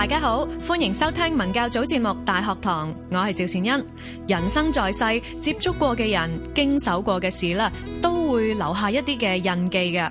大家好，歡迎收聽文教組節目《大學堂》，我係趙善恩。人生在世，接觸過嘅人、經手過嘅事啦，都會留下一啲嘅印記嘅。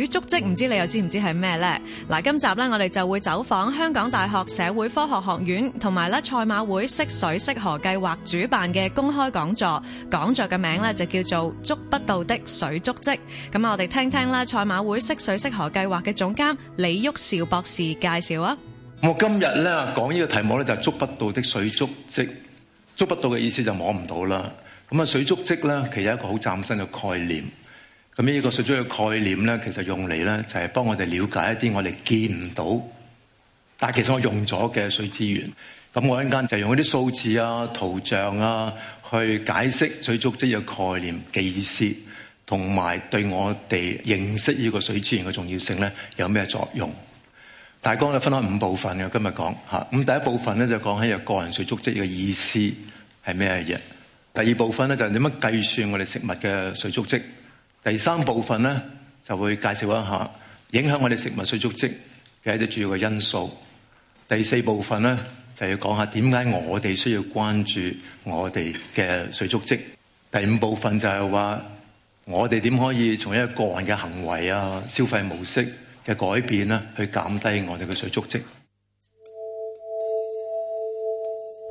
水足跡，唔知你又知唔知係咩咧？嗱，今集咧我哋就會走訪香港大學社會科學學院，同埋咧賽馬會惜水識河計劃主辦嘅公開講座。講座嘅名咧就叫做《觸不到的水足跡》。咁啊，我哋聽聽啦，賽馬會惜水識河計劃嘅總監李煜紹博士介紹啊。我今日咧講呢個題目咧就係《觸不到的水足跡》，觸不到嘅意思就摸唔到啦。咁啊，水足跡咧其實一個好嶄新嘅概念。咁呢個水足嘅概念呢，其實用嚟呢就係、是、幫我哋了解一啲我哋見唔到，但其實我用咗嘅水資源。咁我一陣就用一啲數字啊、圖像啊，去解釋水足跡嘅概念嘅意思，同埋對我哋認識呢個水資源嘅重要性呢，有咩作用。大綱呢分開五部分嘅，今日講吓咁第一部分呢，就講起個人水足跡嘅意思係咩嘢？第二部分呢，就係點樣計算我哋食物嘅水足跡。第三部分呢，就會介紹一下影響我哋食物水足跡嘅一啲主要嘅因素。第四部分呢，就要講下點解我哋需要關注我哋嘅水足跡。第五部分就係話我哋點可以從一個個人嘅行為啊、消費模式嘅改變呢，去減低我哋嘅水足跡。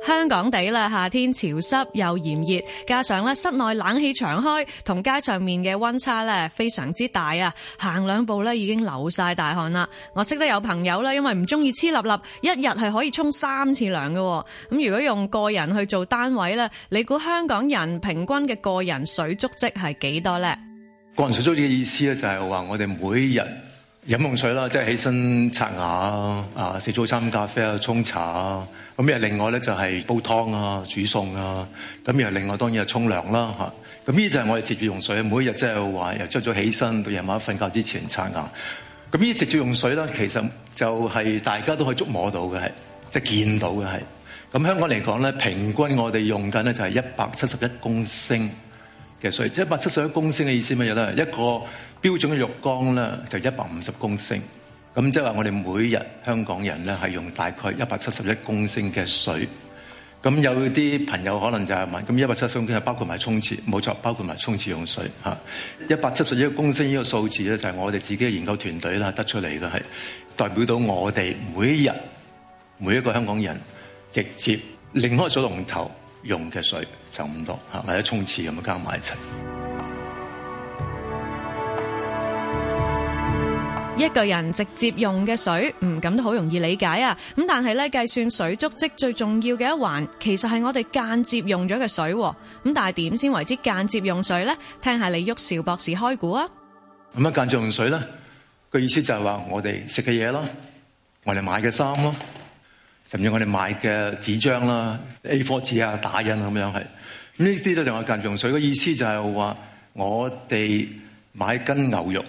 香港地咧，夏天潮濕又炎熱，加上咧室內冷氣長開，同街上面嘅溫差咧非常之大啊！行兩步咧已經流晒大汗啦。我識得有朋友，因為唔中意黐粒粒，一日係可以沖三次涼㗎。咁如果用個人去做單位咧，你估香港人平均嘅個人水足跡係幾多呢？個人水足跡嘅意思咧就係話我哋每日。飲用水啦，即係起身刷牙啊，啊食早餐咖啡啊，沖茶啊，咁啊另外咧就係煲湯啊、煮餸啊，咁又另外當然係沖涼啦嚇，咁呢啲就係我哋直接用水。每一日即係話由朝早起身到夜晚瞓覺之前刷牙，咁呢啲直接用水咧，其實就係大家都可以觸摸到嘅係，即係見到嘅係，咁香港嚟講咧，平均我哋用緊咧就係一百七十一公升。嘅水即一百七十一公升嘅意思乜嘢咧？一個標準嘅浴缸咧就一百五十公升，咁即係話我哋每日香港人咧係用大概一百七十一公升嘅水。咁有啲朋友可能就係問，咁一百七十一公升係包括埋沖廁，冇錯，包括埋沖廁用水吓。一百七十一公升個數呢個數字咧就係、是、我哋自己嘅研究團隊啦得出嚟嘅，係代表到我哋每日每一個香港人直接擰開水龍頭。用嘅水就唔多，或者沖廁咁加埋一齊。一個人直接用嘅水，唔咁都好容易理解啊。咁但係咧，計算水足跡最重要嘅一環，其實係我哋間接用咗嘅水啊。咁但係點先為之間接用水咧？聽下李煜紹博士開估啊。咁啊，間接用水咧，個意思就係話我哋食嘅嘢咯，我哋買嘅衫咯，甚至我哋買嘅紙張啦、A4 紙啊、打印咁樣係，咁呢啲都係我近用水。所以個意思就係話，我哋買斤牛肉，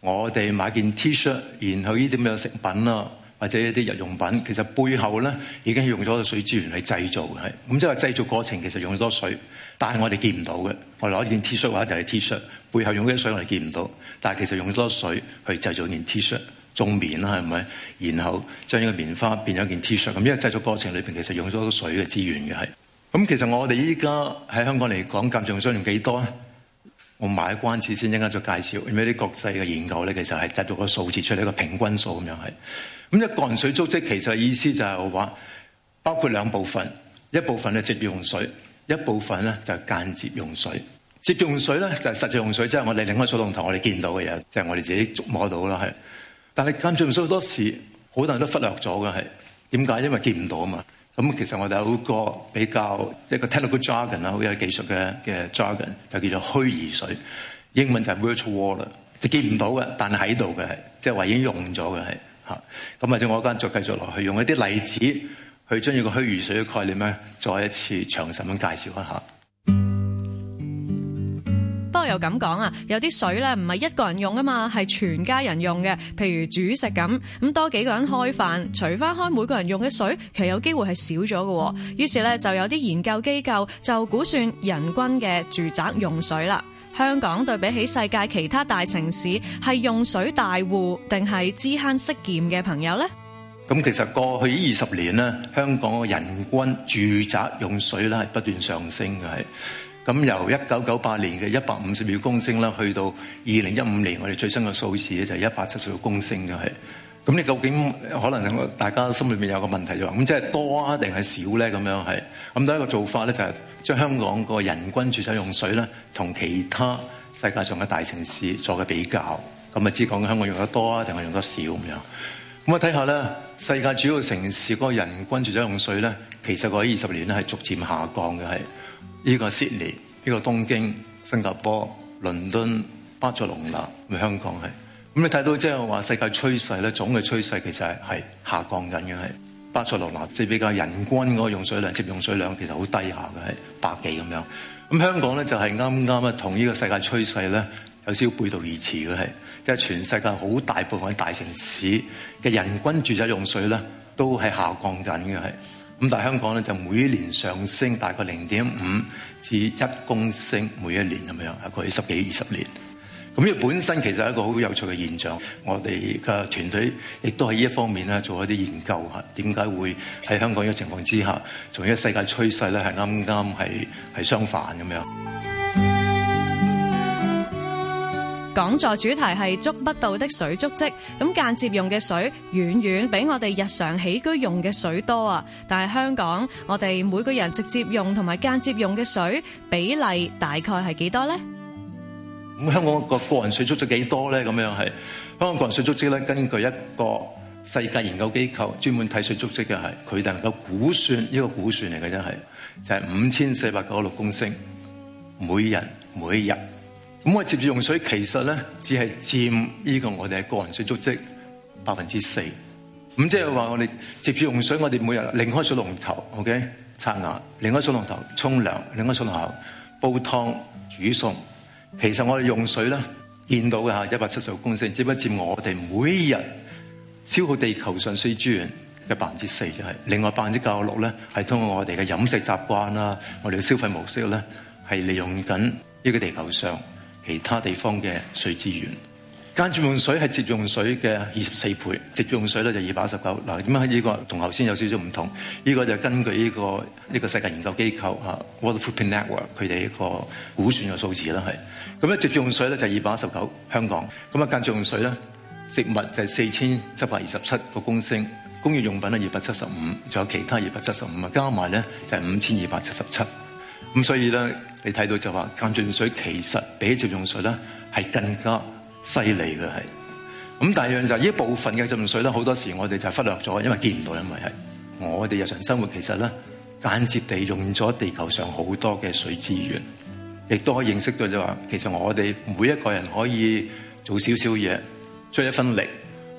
我哋買件 T-shirt，然後呢啲咩食品啦，或者一啲日用品，其實背後呢已經用咗水資源去製造嘅。咁即係話製造過程其實用咗水，但係我哋見唔到嘅。我攞件 T-shirt 或者就係 T-shirt，背後用幾多水我哋見唔到，但係其實用咗水去製造件 T-shirt。種棉啦，係咪？然後將呢個棉花變咗件 t 恤。咁，因為製作過程裏邊其實用咗好多水嘅資源嘅係。咁其實我哋依家喺香港嚟講，間接用水用幾多咧？我賣關子先，一陣間再介紹。因為啲國際嘅研究咧，其實係製造個數字出嚟個平均數咁樣係。咁一個人水足跡其實意思就係話，包括兩部分，一部分咧，直接用水，一部分咧就間接用水。直接用水咧就係實際用水，即係我哋拎開水龍頭我哋見到嘅嘢，即係我哋自己觸摸到啦係。但係近著數好多時，好多人都忽略咗嘅係點解？因為見唔到啊嘛。咁其實我哋有一個比較一個 technical jargon 啊，好有技術嘅嘅 jargon，就叫做虛擬水。英文就係 virtual water，就見唔到嘅，但係喺度嘅，即係話已經用咗嘅係嚇。咁或者我間再繼續落去，用一啲例子去將呢個虛擬水嘅概念咧，再一次詳細咁介紹一下。咁講啊，有啲水咧唔係一個人用啊嘛，係全家人用嘅。譬如煮食咁，咁多幾個人開飯，除翻開每個人用嘅水，其實有機會係少咗嘅。於是咧就有啲研究機構就估算人均嘅住宅用水啦。香港對比起世界其他大城市，係用水大戶定係知慳識儉嘅朋友呢？咁其實過去二十年呢，香港嘅人均住宅用水咧係不斷上升嘅。咁由一九九八年嘅一百五十多公升啦，去到二零一五年我哋最新嘅數字咧就係一百七十多公升嘅係。咁你究竟可能大家心裏面有個問題就話咁，即係多啊定係少咧咁樣係？咁第一個做法咧就係、是、將香港個人均住宅用水咧同其他世界上嘅大城市做個比較，咁啊知講香港用得多啊定係用得少咁樣。咁我睇下咧，世界主要城市個人均住宅用水咧，其實喺二十年咧係逐漸下降嘅係。呢個悉尼、呢個東京、新加坡、倫敦、巴塞隆拿，就是、香港係，咁你睇到即係話世界趨勢咧，總嘅趨勢其實係下降緊嘅係。巴塞隆拿即係比較人均嗰個用水量，即係用水量其實好低下嘅係百幾咁樣。咁香港咧就係啱啱啊，同呢個世界趨勢咧有少少背道而馳嘅係，即係、就是、全世界好大部分大城市嘅人均住宅用水咧都係下降緊嘅係。咁但係香港咧就每年上升大概零點五至一公升每一年咁樣，過去十幾二十年。咁呢個本身其實係一個好有趣嘅現象。我哋嘅團隊亦都喺呢一方面咧做一啲研究吓，點解會喺香港呢個情況之下，同呢個世界趨勢咧係啱啱係係相反咁樣。講座主題係觸不到的水足迹，咁間接用嘅水遠遠比我哋日常起居用嘅水多啊！但係香港，我哋每個人直接用同埋間接用嘅水比例大概係幾多呢？咁香港個個人水足跡幾多咧？咁樣係係香港個人水足迹咧，根據一個世界研究機構專門睇水足迹嘅，係，佢哋能夠估算呢、呢個估算嚟嘅，真係就係五千四百九十六公升，每人每一日。咁我接住用水，其實咧只係佔依個我哋嘅個人水足跡百分之四。咁即係話，我哋接住用水，我哋每日擰開水龍頭，OK，刷牙，擰開水龍頭，沖涼，擰開水龍頭，煲湯，煲湯煮餸。其實我哋用水咧見到嘅吓一百七十公升，只不過佔我哋每日消耗地球上水資源嘅百分之四，就係、是、另外百分之九十六咧，係通過我哋嘅飲食習慣啦，我哋嘅消費模式咧，係利用緊呢個地球上。其他地方嘅水資源，間接用水係直用水嘅二十四倍，直用水咧就二百一十九。嗱、這個，點解呢個同頭先有少少唔同？呢、這個就根據呢、這個呢、這個世界研究機構嚇 Water Footprint Network 佢哋一個估算嘅數字啦，係。咁咧，直用水咧就二百一十九，香港。咁啊，間接用水咧，食物就四千七百二十七個公升，工業用品咧二百七十五，仲有其他二百七十五，咪加埋咧就五千二百七十七。咁所以咧。你睇到就話間接用水其實比直接用水咧係更加犀利嘅係，咁但樣就係呢一部分嘅間接用水咧，好多時我哋就忽略咗，因為見唔到，因為係我哋日常生活其實咧間接地用咗地球上好多嘅水資源，亦都可以認識到就話其實我哋每一個人可以做少少嘢，出一分力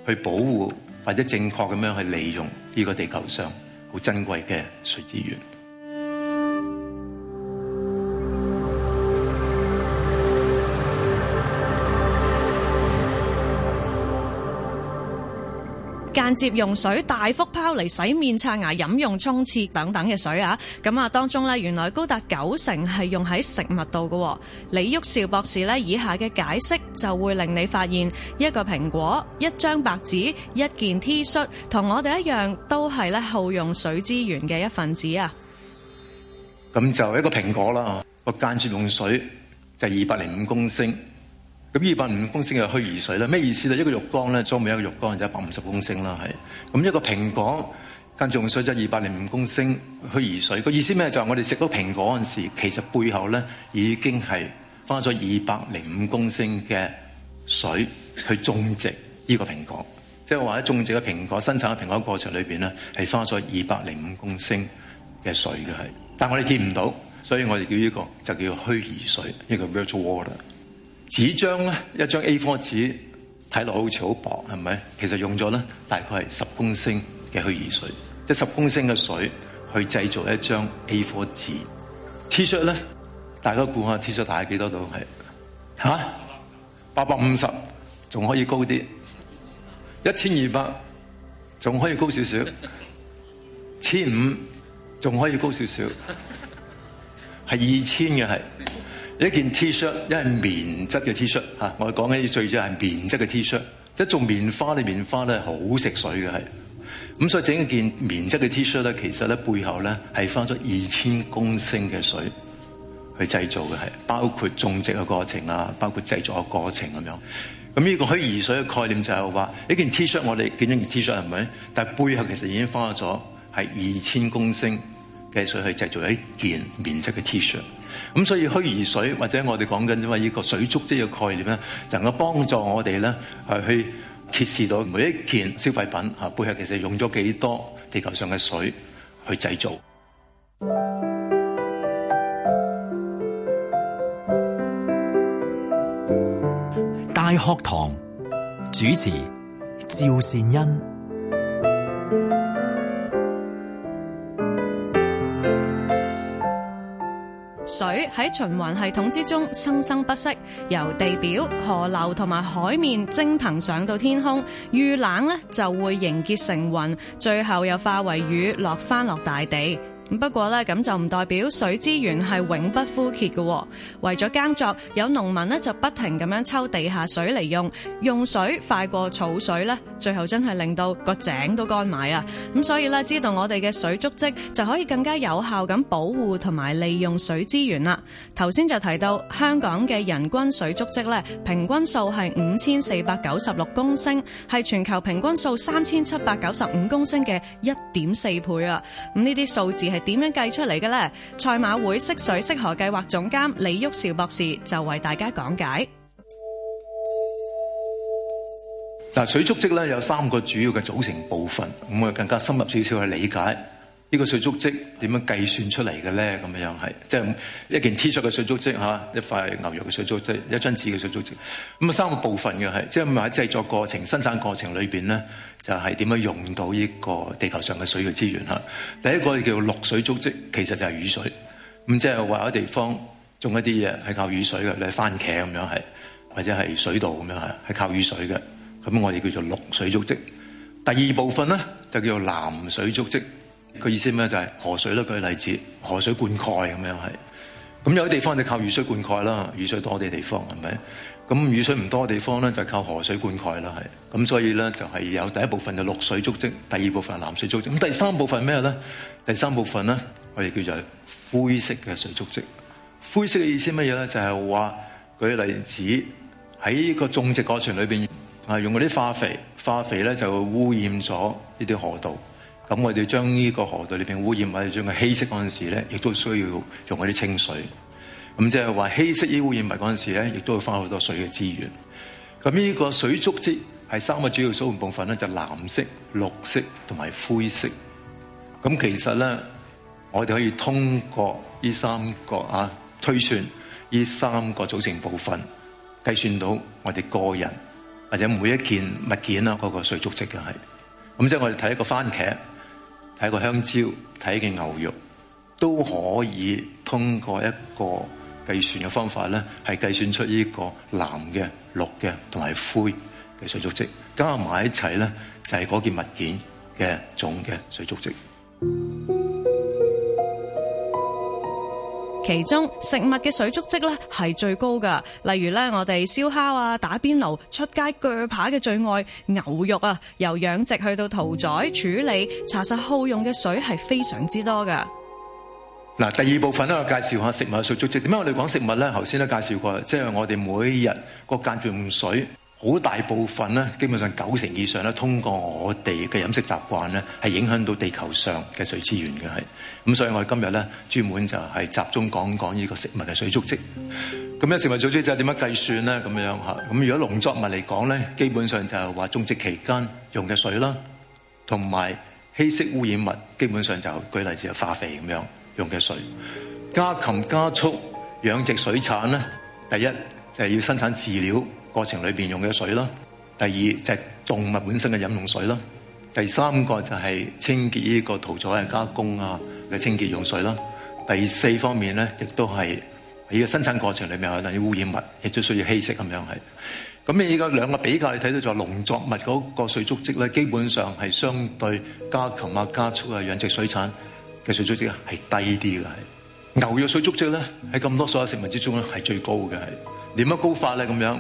去保護或者正確咁樣去利用呢個地球上好珍貴嘅水資源。間接用水大幅拋離洗面、刷牙、飲用、沖廁等等嘅水啊！咁啊，當中咧原來高達九成係用喺食物度嘅啊。李煜紹博士咧以下嘅解釋就會令你發現，一個蘋果、一張白紙、一件 T 恤同我哋一樣都係咧耗用水資源嘅一份子啊！咁就一個蘋果啦，個間接用水就二百零五公升。二百零五公升嘅虛擬水啦，咩意思咧？一個浴缸咧裝滿一個浴缸就一百五十公升啦，係咁一個蘋果間用水就二百零五公升虛擬水。個意思咩？就係、是、我哋食到蘋果嗰陣時，其實背後咧已經係花咗二百零五公升嘅水去種植呢個蘋果。即係話喺種植嘅蘋果、生產嘅蘋果過程裏面咧，係花咗二百零五公升嘅水嘅，係，但我哋見唔到，所以我哋叫呢、這個就叫虛擬水，一、這個 virtual water。紙張咧，一張 A4 紙睇落好似好薄，係咪？其實用咗咧大概係十公升嘅虛擬水，即係十公升嘅水去製造一張 A4 紙。T-shirt 咧，大家估下 T-shirt 大概幾多度係嚇？八百五十仲可以高啲，一千二百仲可以高少少，千五仲可以高少少，係二千嘅係。一件 T 恤，一係棉質嘅 T 恤嚇，shirt, 我哋講起最主要係棉質嘅 T 恤。Shirt, 一種棉花咧，棉花咧好食水嘅係，咁所以整一件棉質嘅 T 恤咧，shirt, 其實咧背後咧係花咗二千公升嘅水去製造嘅係，包括種植嘅過程啊，包括製作嘅過程咁樣。咁呢個虛擬水嘅概念就係、是、話，一件 T 恤我哋見到一件 T 恤係咪？但係背後其實已經花咗係二千公升嘅水去製造一件棉質嘅 t 恤，咁所以虛擬水或者我哋講緊因嘛，呢個水足跡嘅概念咧，就能夠幫助我哋咧，係去揭示到每一件消費品啊，背後其實用咗幾多地球上嘅水去製造。大學堂主持趙善恩。水喺循環系統之中生生不息，由地表、河流同埋海面蒸騰上到天空，遇冷呢就會凝結成雲，最後又化為雨落翻落大地。不過呢，咁就唔代表水資源係永不枯竭㗎喎。為咗耕作，有農民呢就不停咁樣抽地下水嚟用，用水快過儲水呢，最後真係令到個井都乾埋啊！咁所以呢，知道我哋嘅水足跡就可以更加有效咁保護同埋利用水資源啦。頭先就提到香港嘅人均水足跡呢，平均數係五千四百九十六公升，係全球平均數三千七百九十五公升嘅一點四倍啊！咁呢啲數字係點樣計出嚟嘅咧？賽馬會惜水‧識河計劃總監李煜紹博士就為大家講解。嗱，水足跡咧，有三個主要嘅組成部分，我會更加深入少少去理解。呢個水足跡點樣計算出嚟嘅咧？咁樣樣係即係一件 T 恤嘅水足跡嚇，一塊牛肉嘅水足跡，一張紙嘅水足跡。咁啊三個部分嘅係即係咪喺製作過程、生產過程裏邊咧，就係、是、點樣用到呢個地球上嘅水嘅資源嚇？第一個叫綠水足跡，其實就係雨水。咁即係話有地方種一啲嘢係靠雨水嘅，例如番茄咁樣係，或者係水稻咁樣係，係靠雨水嘅。咁我哋叫做綠水足跡。第二部分咧就叫做藍水足跡。個意思咩？就係、是、河水咯。舉例子，河水灌溉咁樣係。咁有啲地方就靠雨水灌溉啦。雨水多啲地，地方係咪？咁雨水唔多嘅地方咧，就是、靠河水灌溉啦。係咁，所以咧就係、是、有第一部分就綠水足跡，第二部分是藍水足跡。咁第三部分咩咧？第三部分咧，我哋叫做灰色嘅水足跡。灰色嘅意思乜嘢咧？就係、是、話舉例子喺個種植過程裏邊啊，用嗰啲化肥，化肥咧就會污染咗呢啲河道，咁我哋將呢個河道裏邊污染物將佢稀釋嗰陣時咧，亦都需要用一啲清水。咁即係話稀釋呢污染物嗰陣時咧，亦都會花好多水嘅資源。咁呢個水足跡係三個主要組成部分咧，就藍色、綠色同埋灰色。咁其實咧，我哋可以通過呢三個啊推算呢三個組成部分，計算到我哋個人或者每一件物件啦嗰個水足跡嘅係。咁即係我哋睇一個番茄。睇個香蕉，睇嘅牛肉都可以通過一個計算嘅方法咧，係計算出呢個藍嘅、綠嘅同埋灰嘅水足跡加埋一齊咧，就係嗰件物件嘅總嘅水足跡。其中食物嘅水足跡咧係最高噶例如咧我哋燒烤啊、打邊爐、出街鋸扒嘅最愛牛肉啊，由養殖去到屠宰處理，查實耗用嘅水係非常之多噶。嗱，第二部分咧，我介紹下食物嘅水足跡。點解我哋講食物咧？頭先都介紹過，即係我哋每日個間斷用水。好大部分呢，基本上九成以上呢，通過我哋嘅飲食習慣呢，係影響到地球上嘅水資源嘅係。咁所以我今日呢，專門就係集中講講呢個食物嘅水足跡。咁呢食物足跡就點樣計算咧？咁樣吓。咁如果農作物嚟講咧，基本上就係話種植期間用嘅水啦，同埋稀釋污染物，基本上就舉例子係化肥咁樣用嘅水。家禽家畜養殖水產咧，第一就係要生產飼料，過程裏邊用嘅水啦，第二就係動物本身嘅飲用水啦，第三個就係清潔呢個屠宰啊加工啊嘅清潔用水啦，第四方面咧亦都係喺個生產過程裏面有啲污染物亦都需要稀釋咁樣係。咁你而家兩個比較，你睇到就係農作物嗰個水足跡咧，基本上係相對家禽啊家畜啊養殖水產嘅水足跡係低啲嘅係。牛肉水足跡咧喺咁多所有食物之中咧係最高嘅係。點樣高法咧咁樣？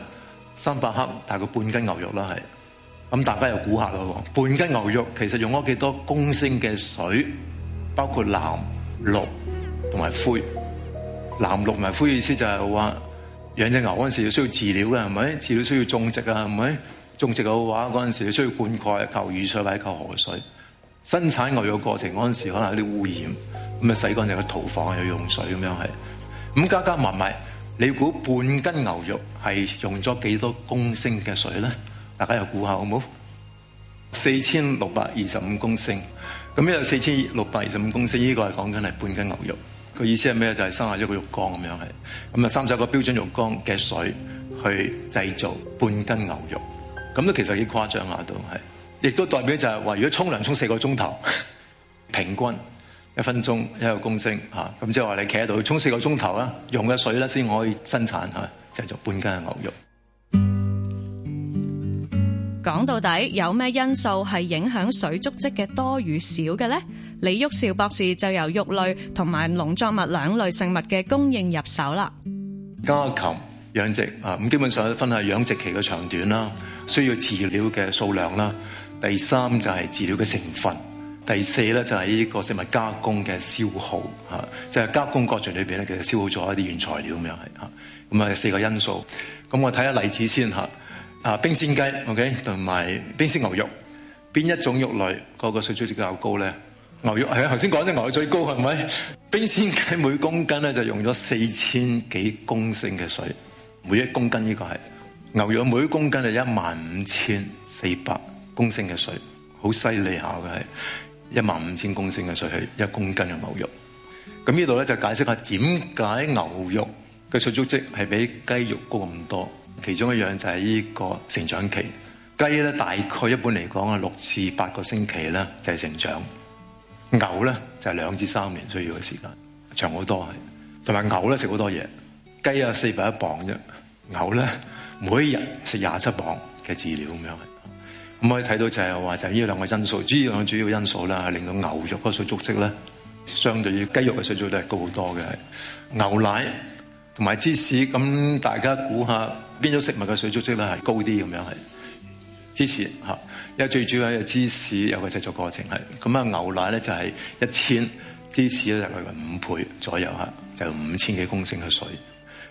三百克大概半斤牛肉啦，係咁大家又估下咯。半斤牛肉其實用咗幾多公升嘅水，包括藍綠同埋灰。藍綠同埋灰意思就係話養隻牛嗰陣時要需要飼料嘅，係咪？飼料需要種植啊，係咪？種植嘅話嗰陣時需要灌溉，靠雨水或者靠河水。生產牛肉的過程嗰陣時可能有啲污染，咁啊洗乾淨個屠房又要用水咁樣係，咁加加埋埋。你估半斤牛肉係用咗幾多公升嘅水呢？大家又估下好唔好？四千六百二十五公升，咁呢個四千六百二十五公升，呢個係講緊係半斤牛肉。個意思係咩咧？就係三十一個浴缸咁樣係，咁啊三十一個標準浴缸嘅水去製造半斤牛肉，咁都其實幾誇張下都係，亦都代表就係話，如果沖涼沖四個鐘頭，平均。一分鐘一個公升嚇，咁即係話你企喺度沖四個鐘頭啦，用嘅水咧先可以生產嚇，製作半斤嘅牛肉。講到底有咩因素係影響水足跡嘅多與少嘅咧？李煜紹博士就由肉類同埋農作物兩類食物嘅供應入手啦。家禽養殖啊，咁基本上分係養殖期嘅長短啦，需要飼料嘅數量啦，第三就係飼料嘅成分。第四咧，就係呢個食物加工嘅消耗嚇，就係加工過程裏面咧，其實消耗咗一啲原材料咁樣，係咁啊，四個因素，咁我睇下例子先吓。啊冰鮮雞 OK 同埋冰鮮牛肉，邊一種肉類嗰個水消耗較高咧？牛肉係啊，頭先講咗牛肉最高係咪？冰鮮雞每公斤咧，就用咗四千幾公升嘅水，每一公斤呢個係牛肉每公斤係一萬五千四百公升嘅水，好犀利下嘅係。一萬五千公升嘅水係一公斤嘅牛肉，咁呢度呢，就解釋一下點解牛肉嘅水足跡係比雞肉高咁多。其中一樣就係呢個成長期，雞呢，大概一般嚟講啊六至八個星期呢就係成長，牛呢，就係兩至三年需要嘅時間，長好多係。同埋牛呢，食好多嘢，雞啊四百一磅啫，牛呢，每日食廿七磅嘅飼料咁樣。咁可以睇到就係話就係呢兩個因素，主要兩個主要因素啦，令到牛肉嗰個水足跡咧，相對於雞肉嘅水足跡係高好多嘅。牛奶同埋芝士，咁大家估下邊種食物嘅水足跡咧係高啲咁樣係？芝士嚇，因為最主要係芝士有個製作過程係，咁啊牛奶咧就係一千，芝士咧就係五倍左右嚇，就五千幾公升嘅水。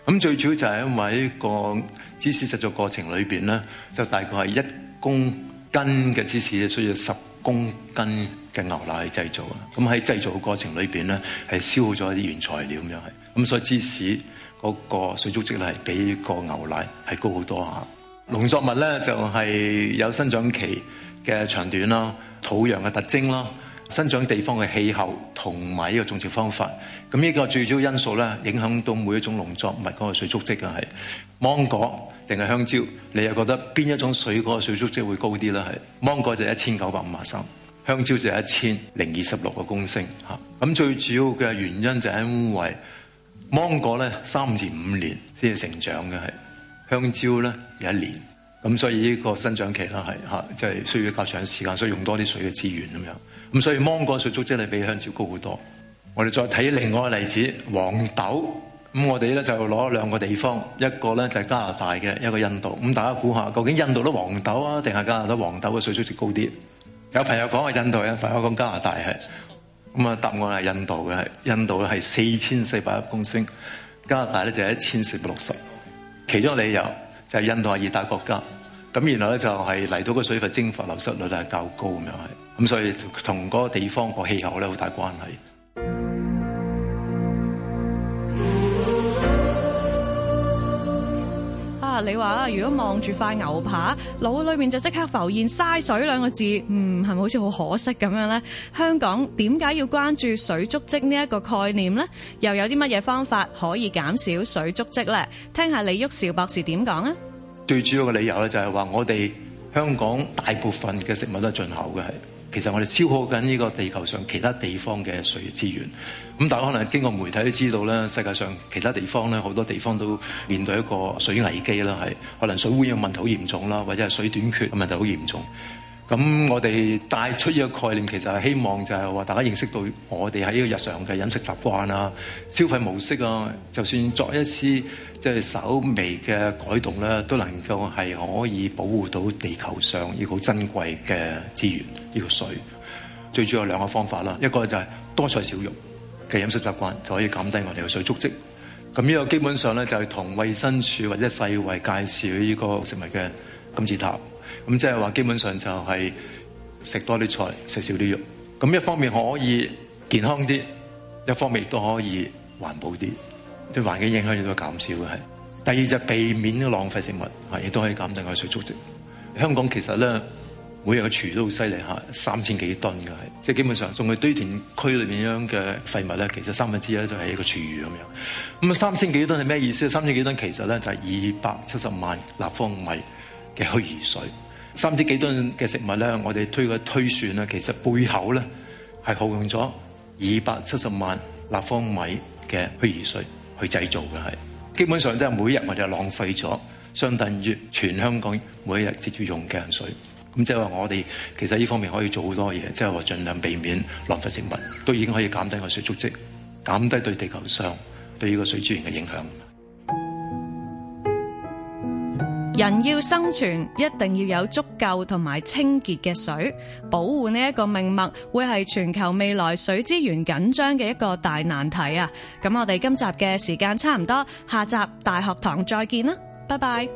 咁最主要就係因為呢個芝士製作過程裏邊咧，就大概係一公。斤嘅芝士需要十公斤嘅牛奶去製造啊！咁喺製造嘅過程裏邊咧，係消耗咗一啲原材料咁樣係，咁所以芝士嗰個水足跡咧係比個牛奶係高好多嚇。農作物咧就係有生長期嘅長短啦、土壤嘅特徵啦、生長地方嘅氣候同埋呢個種植方法，咁、這、呢個最主要因素咧影響到每一種農作物嗰個水足跡嘅係芒果。定係香蕉，你又覺得邊一種水果嘅，那個、水足跡會高啲咧？係芒果就一千九百五十三，香蕉就一千零二十六個公升。嚇，咁最主要嘅原因就係因為芒果咧三至五年先至成長嘅，係香蕉咧有一年。咁所以呢個生長期啦，係嚇，即、就、係、是、需要較長時間，所以用多啲水嘅資源咁樣。咁所以芒果水足跡係比香蕉高好多。我哋再睇另外一個例子，黃豆。咁我哋咧就攞兩個地方，一個咧就係加拿大嘅，一個印度。咁大家估下，究竟印度都黃豆啊，定係加拿大黃豆嘅水足跡值高啲？有朋友講係印度呢，有朋友講加拿大係。咁啊，答案係印度嘅，印度咧係四千四百一公升，加拿大咧就係一千四百六十。其中理由就係印度係熱帶國家，咁然後咧就係嚟到個水份蒸發流失率係較高咁樣係，咁所以同嗰個地方個氣候咧好大關係。你話如果望住塊牛扒，腦裏面就即刻浮現嘥水兩個字，嗯，係咪好似好可惜咁樣呢？香港點解要關注水足跡呢一個概念呢？又有啲乜嘢方法可以減少水足跡呢？聽下李煜紹博士點講啊！最主要嘅理由咧，就係話我哋香港大部分嘅食物都係進口嘅，係。其實我哋消耗緊呢個地球上其他地方嘅水資源，咁大家可能經過媒體都知道咧，世界上其他地方咧好多地方都面對一個水危機啦，係可能水污染問題好嚴重啦，或者係水短缺問題好嚴重。咁我哋帶出呢個概念，其實係希望就係話大家認識到我哋喺呢個日常嘅飲食習慣啊、消費模式啊，就算作一次即係稍微嘅改動咧、啊，都能夠係可以保護到地球上呢個珍貴嘅資源，呢、這個水。最主要有兩個方法啦，一個就係多菜少肉嘅飲食習慣就可以減低我哋嘅水足跡。咁呢個基本上咧就係、是、同衛生署或者世衞介紹呢個食物嘅金字塔。咁即係話，基本上就係食多啲菜，食少啲肉。咁一方面可以健康啲，一方面亦都可以環保啲，對環境影響亦都減少嘅係。第二就避免嘅浪費食物，亦都可以減低我水足跡。香港其實咧，每日嘅廚餘都好犀利嚇，三千幾噸嘅係，即係基本上送去堆填區裏面樣嘅廢物咧，其實三分之一就係一個廚餘咁樣。咁三千幾噸係咩意思？三千幾噸其實咧就係二百七十萬立方米嘅虛擬水。三點幾噸嘅食物呢，我哋推推算其實背後呢係耗用咗二百七十萬立方米嘅虛擬水去製造嘅係，基本上都係每日我哋就浪費咗，相等於全香港每一日直接用嘅水。咁即係話我哋其實呢方面可以做好多嘢，即係話儘量避免浪費食物，都已經可以減低個水足跡，減低對地球上對呢個水資源嘅影響。人要生存，一定要有足夠同埋清潔嘅水。保護呢一個命脈，會係全球未來水資源緊張嘅一個大難題啊！咁我哋今集嘅時間差唔多，下集大學堂再見啦，拜拜。